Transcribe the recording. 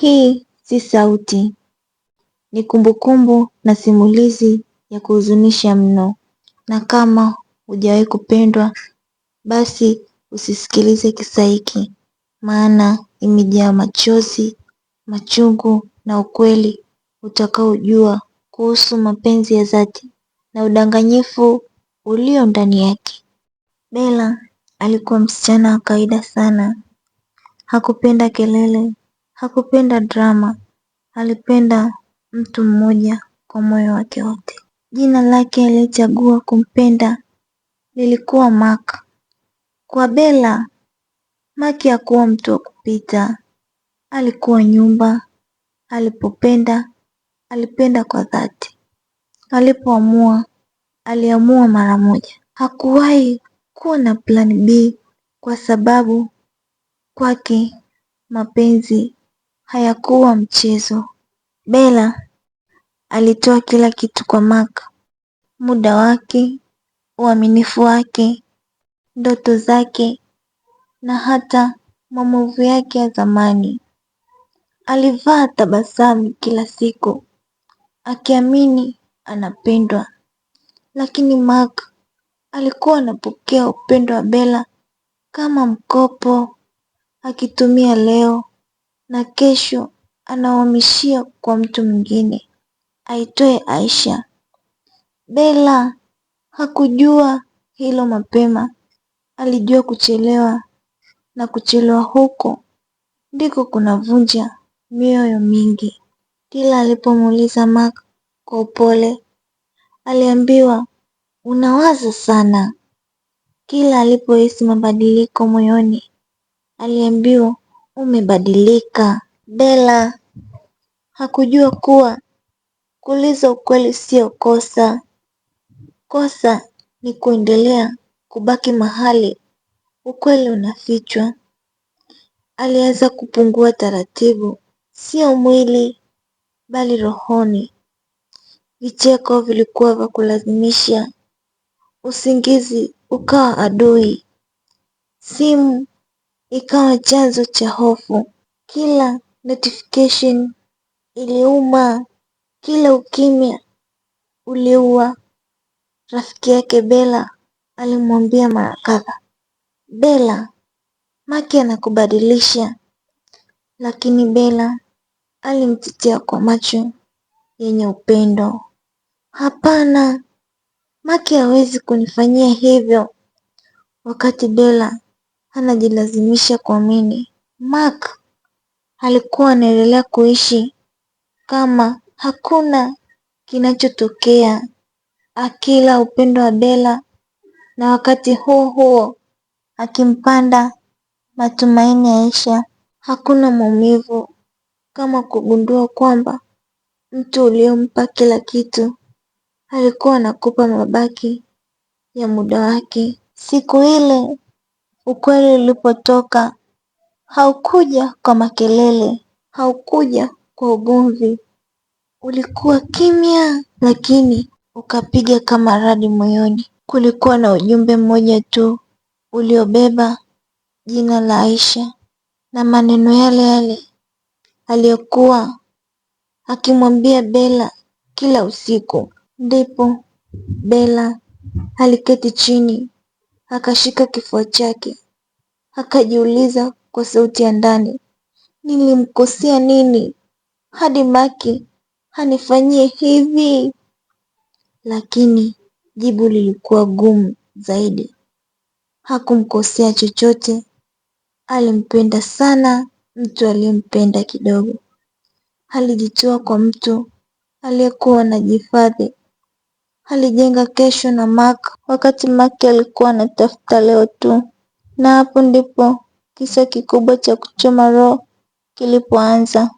Hii si sauti, ni kumbukumbu na simulizi ya kuhuzunisha mno, na kama hujawahi kupendwa, basi usisikilize kisa hiki, maana imejaa machozi, machungu na ukweli utakaojua kuhusu mapenzi ya dhati na udanganyifu ulio ndani yake. Bella alikuwa msichana wa kawaida sana. Hakupenda kelele Hakupenda drama, alipenda mtu mmoja kwa moyo wake wote. Jina lake alichagua kumpenda lilikuwa Mark. Kwa Bella, Mark hakuwa mtu wa kupita, alikuwa nyumba, alipopenda, alipenda kwa dhati, alipoamua, aliamua mara moja. Hakuwahi kuwa na plan B kwa sababu kwake mapenzi hayakuwa mchezo. Bela alitoa kila kitu kwa Mark: muda wake, uaminifu wake, ndoto zake na hata maumivu yake ya zamani. Alivaa tabasamu kila siku, akiamini anapendwa. Lakini Mark alikuwa anapokea upendo wa Bela kama mkopo, akitumia leo, na kesho anahamishia kwa mtu mwingine aitwaye Aisha. Bela hakujua hilo mapema, alijua kuchelewa, na kuchelewa huko ndiko kunavunja mioyo mingi. Kila alipomuuliza Mark kwa upole, aliambiwa unawaza sana. Kila alipohisi mabadiliko moyoni, aliambiwa umebadilika. Dela hakujua kuwa kuuliza ukweli sio kosa. Kosa ni kuendelea kubaki mahali ukweli unafichwa. Alianza kupungua taratibu, sio mwili bali rohoni. Vicheko vilikuwa vya kulazimisha, usingizi ukawa adui, simu ikawa chanzo cha hofu. Kila notification iliuma, kila ukimya uliua. Rafiki yake Bella alimwambia mara kadhaa, Bella, Maki anakubadilisha. Lakini Bella alimtetea kwa macho yenye upendo. Hapana, Maki hawezi kunifanyia hivyo. Wakati Bella anajilazimisha kuamini Mark alikuwa anaendelea kuishi kama hakuna kinachotokea, akila upendo wa Bella na wakati huo huo akimpanda matumaini ya Aisha. Hakuna maumivu kama kugundua kwamba mtu uliyompa kila kitu alikuwa anakupa mabaki ya muda wake siku ile Ukweli ulipotoka haukuja kwa makelele, haukuja kwa ugomvi, ulikuwa kimya lakini ukapiga kama radi moyoni. Kulikuwa na ujumbe mmoja tu uliobeba jina la Aisha na maneno yale yale aliyokuwa akimwambia Bella kila usiku. Ndipo Bella aliketi chini akashika kifua chake, akajiuliza kwa sauti ya ndani, nilimkosea nini hadi Maki hanifanyie hivi? Lakini jibu lilikuwa gumu zaidi. Hakumkosea chochote, alimpenda sana mtu aliyempenda kidogo. Alijitoa kwa mtu aliyekuwa anajihifadhi alijenga kesho na Mark wakati Mark alikuwa anatafuta leo tu. Na hapo ndipo kisa kikubwa cha kuchoma roho kilipoanza.